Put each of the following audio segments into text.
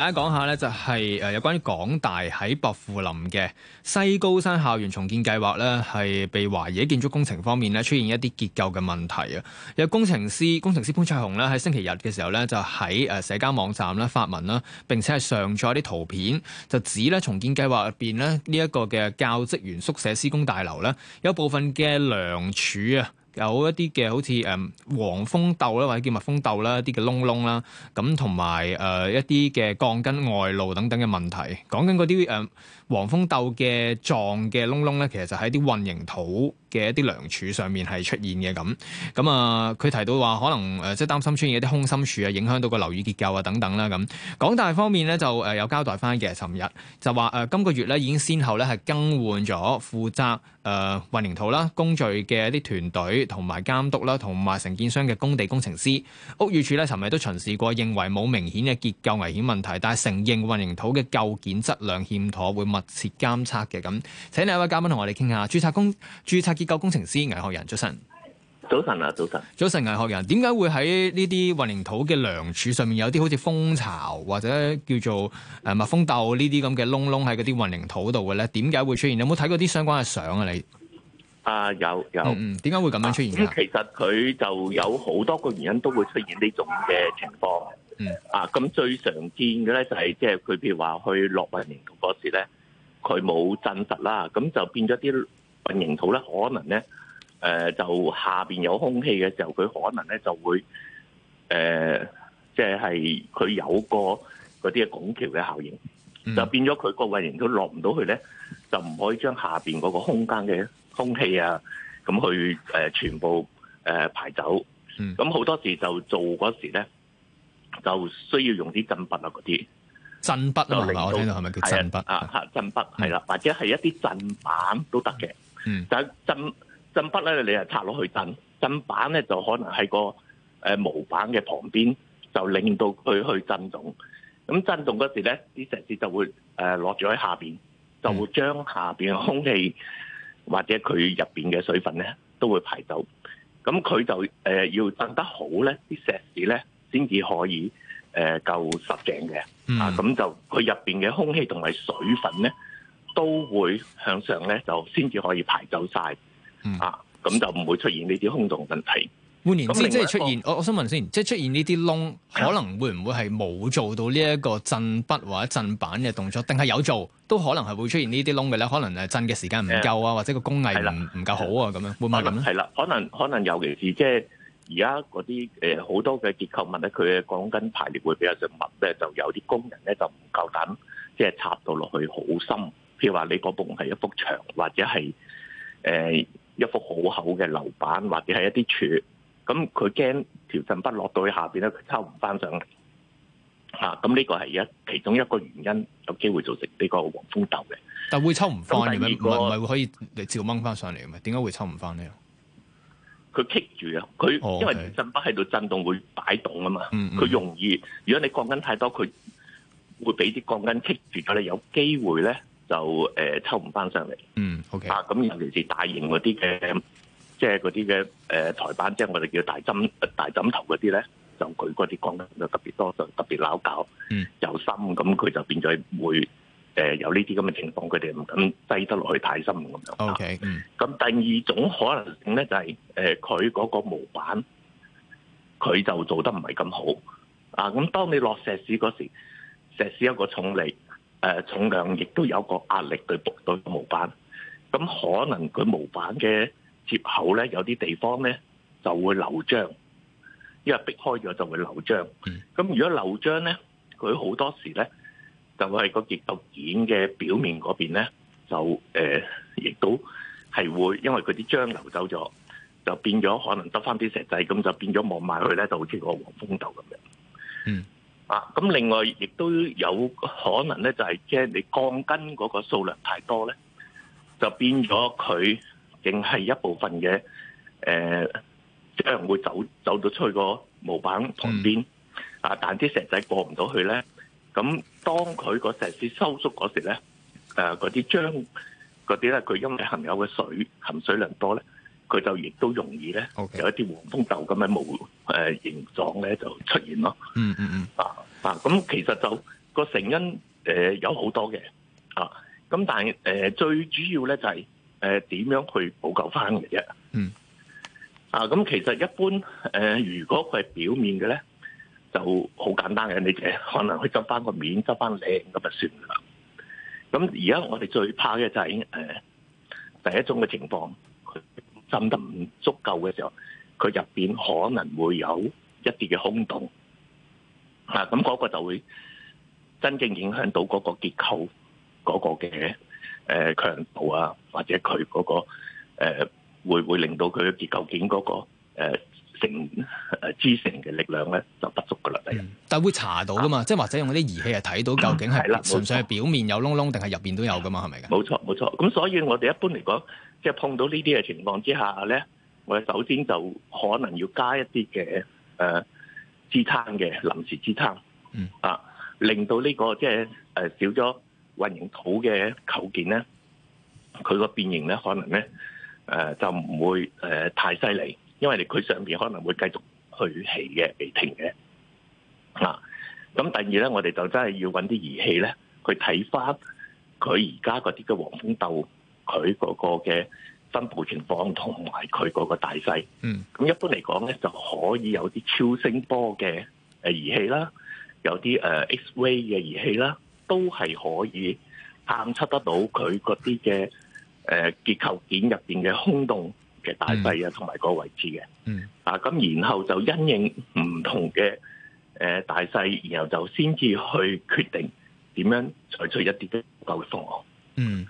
大家講下咧，就係誒有關於港大喺薄扶林嘅西高山校園重建計劃咧，係被懷疑喺建築工程方面咧出現一啲結構嘅問題啊。有工程師工程師潘卓雄咧喺星期日嘅時候咧就喺誒社交網站咧發文啦，並且係上載啲圖片，就指咧重建計劃入邊咧呢一個嘅教職員宿舍施工大樓咧有部分嘅梁柱啊。有一啲嘅好似誒、嗯、黃蜂竇啦，或者叫蜜蜂竇啦，一啲嘅窿窿啦，咁同埋誒一啲嘅鋼筋外露等等嘅問題。講緊嗰啲誒黃蜂竇嘅狀嘅窿窿咧，其實就係啲混凝土。嘅一啲梁柱上面係出現嘅咁，咁啊佢提到話可能誒、呃、即係擔心出現一啲空心柱啊，影響到個樓宇結構啊等等啦咁。港大方面咧就、呃、有交代翻嘅，尋日就話、呃、今個月咧已經先後咧係更換咗負責誒、呃、混凝土啦工序嘅一啲團隊同埋監督啦，同埋承建商嘅工地工程師。屋宇署咧尋日都巡視過，認為冇明顯嘅結構危險問題，但係承認混凝土嘅構件質量欠妥，會密切監測嘅咁。請另一位嘉賓同我哋傾下工註冊工。註冊結構工程師，倪學仁早晨。早晨啊，早晨，早晨，倪學仁，點解會喺呢啲混凝土嘅梁柱上面有啲好似蜂巢或者叫做誒蜜蜂竇呢啲咁嘅窿窿喺嗰啲混凝土度嘅咧？點解會出現？有冇睇過啲相關嘅相啊？你啊有有，嗯，點解會咁樣出現，啊，其實佢就有好多個原因都會出現呢種嘅情況。嗯啊，咁最常見嘅咧就係即係佢，譬如話去落混凝土嗰時咧，佢冇振實啦，咁就變咗啲。混凝土咧，可能咧，誒、呃，就下邊有空氣嘅時候，佢可能咧就會，誒、呃，即係佢有個嗰啲拱橋嘅效應，嗯、就變咗佢個混凝土落唔到去咧，就唔可以將下邊嗰個空間嘅空氣啊，咁去誒、呃、全部誒排走，咁、嗯、好多時就做嗰時咧，就需要用啲震筆啊嗰啲震筆啊嘛，我聽到係咪叫震筆啊？吓、啊、震筆係啦，或者係一啲震板都得嘅。但震震筆咧，你係拆落去震震板咧，就可能喺個誒模板嘅旁邊，就令到佢去震動。咁震動嗰時咧，啲石屎就會誒、呃、落咗喺下邊，就會將下邊嘅空氣或者佢入邊嘅水分咧，都會排走。咁佢就誒、呃、要震得好咧，啲石屎咧先至可以誒夠實淨嘅。啊，咁就佢入邊嘅空氣同埋水分咧。都會向上咧，就先至可以排走晒、嗯。啊！咁就唔會出現呢啲空洞問題。換言之，即係出現，哦、我我想問先，即係出現呢啲窿，可能會唔會係冇做到呢一個震筆或者震板嘅動作，定係有做都可能係會出現這些洞的呢啲窿嘅咧？可能係震嘅時間唔夠啊，或者個工藝唔唔夠好啊，咁樣會唔會咁？係啦，可能可能尤其是即係而家嗰啲誒好多嘅結構物咧，佢嘅鋼筋排列會比較少密咧，就有啲工人咧就唔夠膽即係插到落去好深。譬如話你嗰部係一幅牆，或者係誒、呃、一幅好厚嘅樓板，或者係一啲柱，咁佢驚條震筆落到去下邊咧，佢抽唔翻上嚟。吓咁呢個係一其中一個原因，有機會造成呢個黃蜂竇嘅。但會抽唔翻嘅，唔係、唔係會可以你照掹翻上嚟嘅咩？點解會抽唔翻呢？佢棘住啊！佢、哦 okay. 因為震筆喺度震動會擺動啊嘛。佢、嗯嗯、容易，如果你鋼筋太多，佢會俾啲鋼筋棘住咗，你有機會咧。就誒、呃、抽唔翻上嚟，嗯，OK 啊，咁尤其是大型嗰啲嘅，即係嗰啲嘅誒台板，即係我哋叫大枕、呃、大枕頭嗰啲咧，就佢嗰啲講得就特別多，就特別鬧搞，嗯，又深，咁佢就變咗會誒、呃、有呢啲咁嘅情況，佢哋唔敢低得落去太深咁、okay，樣，OK，咁、嗯、第二種可能性咧就係誒佢嗰個模板佢就做得唔係咁好，啊，咁當你落石屎嗰時候，石屎有一個重力。誒重量亦都有個壓力去撥到模板，咁可能佢模板嘅接口咧，有啲地方咧就會流漿，因為迫開咗就會流漿。咁如果流漿咧，佢好多時咧就會喺個結構件嘅表面嗰邊咧，就誒亦都係會，因為佢啲漿流走咗，就變咗可能得翻啲石仔，咁就變咗望埋去咧，就好似個黃蜂竇咁樣。嗯。啊！咁另外亦都有可能咧，就係即你鋼筋嗰個數量太多咧，就變咗佢淨係一部分嘅，誒，漿、呃、會走走到出去個模板旁邊啊，但啲石仔過唔到去咧，咁當佢個石屎收縮嗰時咧，誒、啊，嗰啲漿嗰啲咧，佢因為含有嘅水含水量多咧。佢就亦都容易咧，okay. 有一啲黃蜂豆咁嘅模誒形狀咧就出現咯。嗯嗯嗯，啊啊，咁其實就、個成因誒、呃、有好多嘅啊，咁但係誒、呃、最主要咧就係誒點樣去補救翻嘅啫。嗯、mm -hmm.，啊，咁其實一般誒、呃、如果佢係表面嘅咧，就好簡單嘅，你只可能去執翻個面執翻靚咁就算啦。咁而家我哋最怕嘅就係、是、誒、呃、第一種嘅情況。浸得唔足夠嘅時候，佢入邊可能會有一啲嘅空洞嚇，咁、那、嗰個就會真正影響到嗰個結構嗰個嘅誒強度、嗯、啊，或者佢嗰個誒會會令到佢嘅結構件嗰個誒成誒支承嘅力量咧就不足噶啦，係啊，但會查到噶嘛，即係或者用嗰啲儀器啊睇到究竟係啦，純粹係表面有窿窿定係入邊都有噶嘛，係咪嘅？冇錯冇錯，咁所以我哋一般嚟講。即係碰到呢啲嘅情況之下咧，我哋首先就可能要加一啲嘅誒支撐嘅臨時支撐，嗯、啊，令到、這個就是呃、呢個即係誒少咗混凝土嘅構件咧，佢個變形咧可能咧、呃、就唔會、呃、太犀利，因為佢上面可能會繼續去起嘅被停嘅啊。咁第二咧，我哋就真係要搵啲儀器咧去睇翻佢而家嗰啲嘅黃蜂鬥。佢嗰個嘅分佈情況同埋佢嗰個大細，咁一般嚟講咧，就可以有啲超聲波嘅誒儀器啦，有啲誒 X-ray 嘅儀器啦，都係可以探測得到佢嗰啲嘅誒結構件入邊嘅空洞嘅大細啊，同埋個位置嘅。啊，咁然後就因應唔同嘅誒大細，然後就先至去決定點樣採取一啲嘅補救方案。嗯。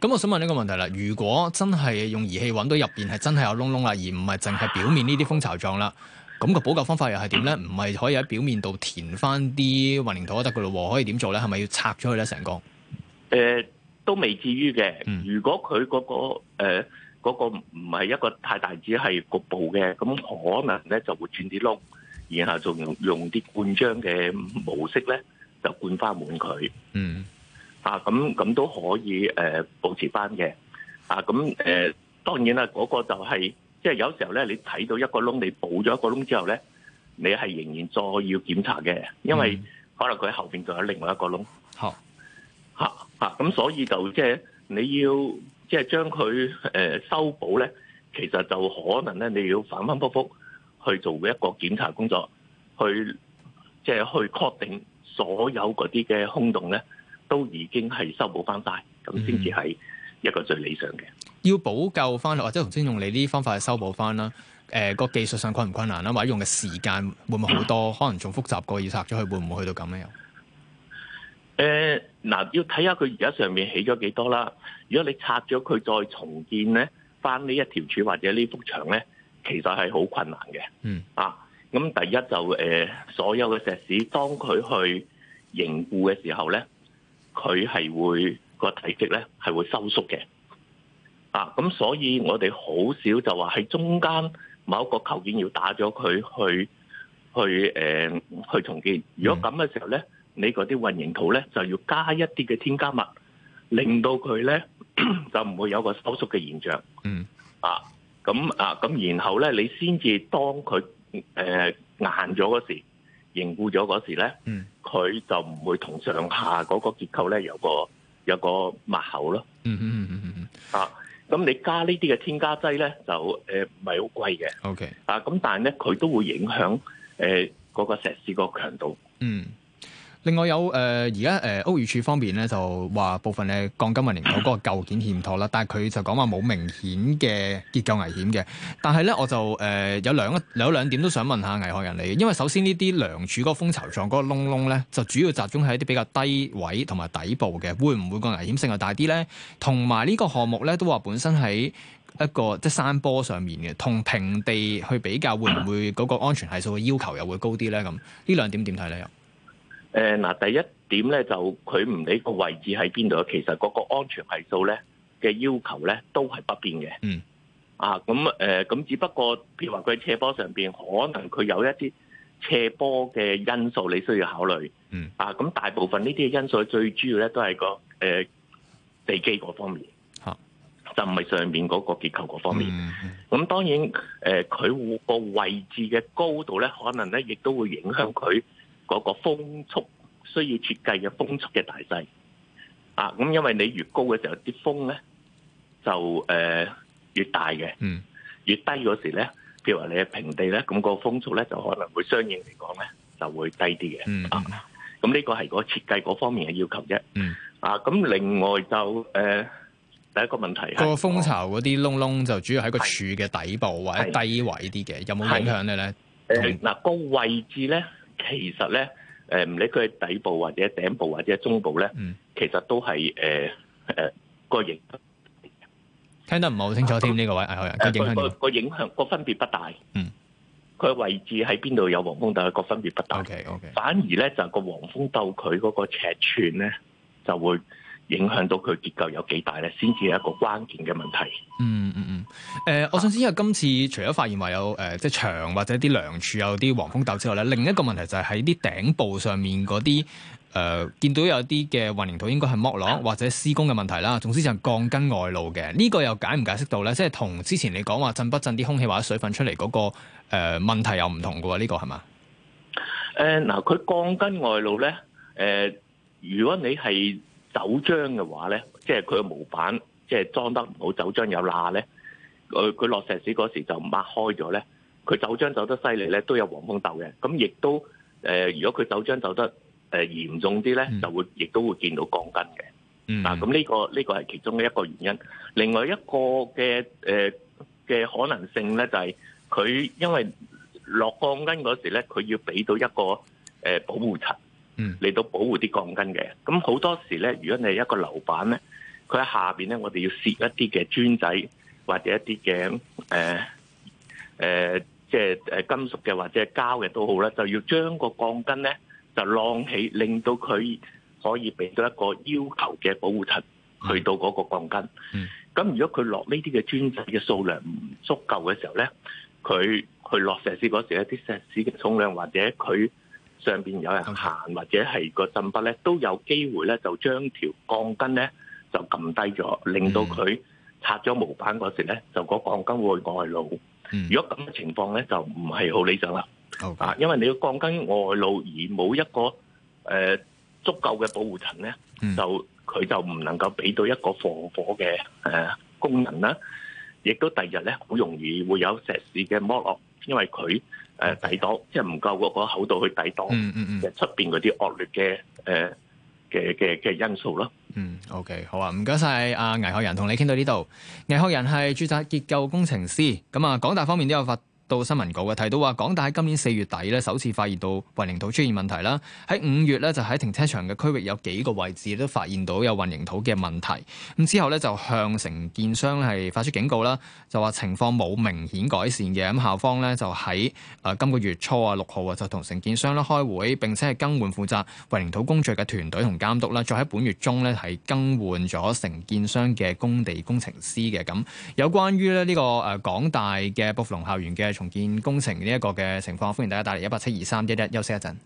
咁我想問呢個問題啦，如果真係用儀器揾到入邊係真係有窿窿啦，而唔係淨係表面呢啲蜂巢狀啦，咁個補救方法又係點咧？唔、嗯、係可以喺表面度填翻啲混凝土得噶咯？可以點做咧？係咪要拆咗去咧，成個？誒，都未至於嘅，嗯。如果佢嗰個誒嗰呃個唔係一個太大只係局部嘅，咁可能咧就會轉啲窿，然後仲用用啲灌漿嘅模式咧就灌翻滿佢。嗯。啊，咁咁都可以誒、呃、保持翻嘅。啊，咁誒、呃、當然啦，嗰、那個就係即係有時候咧，你睇到一個窿，你補咗一個窿之後咧，你係仍然再要檢查嘅，因為可能佢喺後面仲有另外一個窿。咁、啊、所以就即係、就是、你要即係、就是、將佢誒、呃、修補咧，其實就可能咧你要反反覆覆去做一個檢查工作，去即係、就是、去確定所有嗰啲嘅空洞咧。都已經係修補翻晒，咁先至係一個最理想嘅、嗯。要補救翻或者頭先用你呢方法去修補翻啦。誒、呃，個技術上困唔困難啦？或者用嘅時間會唔會好多、嗯？可能仲複雜過要拆咗佢，會唔會去到咁樣？又誒嗱，要睇下佢而家上面起咗幾多啦。如果你拆咗佢再重建咧，翻呢一條柱或者呢幅牆咧，其實係好困難嘅。嗯啊，咁第一就誒、呃，所有嘅石屎當佢去凝固嘅時候咧。佢係會、那個體積咧，係會收縮嘅啊！咁所以我哋好少就話喺中間某一個構件要打咗佢去去誒、呃、去重建。如果咁嘅時候咧，你嗰啲混凝土咧就要加一啲嘅添加物，令到佢咧 就唔會有個收縮嘅現象。嗯啊咁啊咁，然後咧你先至當佢誒、呃、硬咗嗰時候。凝固咗嗰時咧，佢、嗯、就唔會同上下嗰個結構咧有個有個抹口咯。嗯哼嗯嗯嗯嗯。啊，咁你加呢啲嘅添加劑咧，就誒唔係好貴嘅。O K。Okay. 啊，咁但係咧，佢都會影響誒嗰個石屎個強度。嗯。另外有誒，而家誒屋宇署方面咧就話部分咧鋼筋混凝土嗰個構件欠妥啦，但係佢就講話冇明顯嘅結構危險嘅。但係咧我就誒、呃、有兩一有兩點都想問下倪學仁嚟嘅，因為首先洞洞呢啲梁柱嗰個蜂巢狀嗰個窿窿咧，就主要集中喺一啲比較低位同埋底部嘅，會唔會個危險性係大啲咧？同埋呢個項目咧都話本身喺一個即係、就是、山坡上面嘅，同平地去比較，會唔會嗰個安全係數嘅要求又會高啲咧？咁呢兩點點睇咧？誒，嗱，第一點咧就佢唔理個位置喺邊度，其實嗰個安全係數咧嘅要求咧都係不變嘅。嗯。啊，咁誒，咁、呃、只不過，譬如話佢喺斜坡上邊，可能佢有一啲斜坡嘅因素，你需要考慮。嗯。啊，咁大部分呢啲嘅因素，最主要咧都係、嗰個誒、呃、地基嗰方面。吓、啊，就唔係上面嗰個結構嗰方面。咁、嗯、當然，誒、呃，佢個位置嘅高度咧，可能咧亦都會影響佢。嗰、那個風速需要設計嘅風速嘅大細啊，咁因為你越高嘅時候，啲風咧就誒、呃、越大嘅，嗯，越低嗰時咧，譬如話你係平地咧，咁、那個風速咧就可能會相應嚟講咧就會低啲嘅，嗯，咁呢個係個設計嗰方面嘅要求啫，嗯，啊、咁、嗯啊、另外就誒、呃、第一個問題係、那個蜂巢嗰啲窿窿就主要喺個柱嘅底部或者低位啲嘅，有冇影響你咧？誒，嗱、呃那個位置咧。其實咧，誒唔理佢係底部或者頂部或者中部咧、嗯，其實都係誒誒個型。聽得唔係好清楚添呢、啊呢個位，係啊，啊，啊，啊個影響個影響個分別不大，嗯，佢位置喺邊度有黃蜂斗，個分別不大 okay，OK 反而咧就個黃蜂鬥佢嗰個尺寸咧就會。影響到佢結構有幾大咧，先至係一個關鍵嘅問題。嗯嗯嗯。誒、呃，我想先，因為今次除咗發現話有誒、呃，即係牆或者啲梁柱有啲黃蜂竇之外咧，另一個問題就係喺啲頂部上面嗰啲誒，見到有啲嘅混凝土應該係剝落或者施工嘅問題啦。總之就係鋼筋外露嘅，呢、這個又解唔解釋到咧？即係同之前你講話震不震啲空氣或者水分出嚟嗰、那個誒、呃、問題又唔同嘅喎？呢、這個係嘛？誒嗱，佢、呃、鋼筋外露咧，誒、呃，如果你係。酒漿嘅話咧，即係佢個模板，即係裝得唔好，酒漿有罅咧，佢佢落石屎嗰時就擘開咗咧。佢酒漿走得犀利咧，都有黃蜂竇嘅。咁亦都誒，如果佢酒漿走得誒嚴重啲咧，就會亦都會見到鋼筋嘅。嗱，咁呢個呢個係其中嘅一個原因。另外一個嘅誒嘅可能性咧，就係佢因為落鋼筋嗰時咧，佢要俾到一個誒保護層。嚟 到保護啲鋼筋嘅，咁好多時咧，如果你係一個樓板咧，佢喺下面咧，我哋要攝一啲嘅磚仔或者一啲嘅誒即係金屬嘅或者膠嘅都好啦，就要將個鋼筋咧就晾起，令到佢可以俾到一個要求嘅保護層去到嗰個鋼筋。咁 如果佢落呢啲嘅磚仔嘅數量唔足夠嘅時候咧，佢去落石屎嗰時咧，啲石屎嘅重量或者佢。上邊有人行或者係個針筆咧，都有機會咧就將條鋼筋咧就撳低咗，令到佢拆咗模板嗰時咧就嗰鋼筋會外露。如果咁嘅情況咧就唔係好理想啦。好，因為你個鋼筋外露而冇一個誒足夠嘅保護層咧，就佢就唔能夠俾到一個防火嘅誒功能啦，亦都第二日咧好容易會有石屎嘅剝落。因為佢誒抵擋，即係唔夠個個厚度去抵擋，嗯嗯嗯，出邊啲惡劣嘅誒嘅嘅嘅因素咯。嗯，OK，好啊，唔該晒阿倪學仁，同你傾到呢度。倪學仁係註冊結構工程師，咁啊，港大方面都有發。到新聞稿嘅提到話，港大喺今年四月底咧首次發現到混凝土出現問題啦。喺五月咧就喺停車場嘅區域有幾個位置都發現到有混凝土嘅問題。咁之後咧就向承建商係發出警告啦，就話情況冇明顯改善嘅。咁校方咧就喺誒今個月初啊六號啊就同承建商咧開會，並且係更換負責混凝土工序嘅團隊同監督啦。再喺本月中咧係更換咗承建商嘅工地工程師嘅。咁有關於咧呢個誒港大嘅薄扶林校園嘅。重建工程呢一個嘅情況，歡迎大家打嚟一八七二三一一，休息一陣。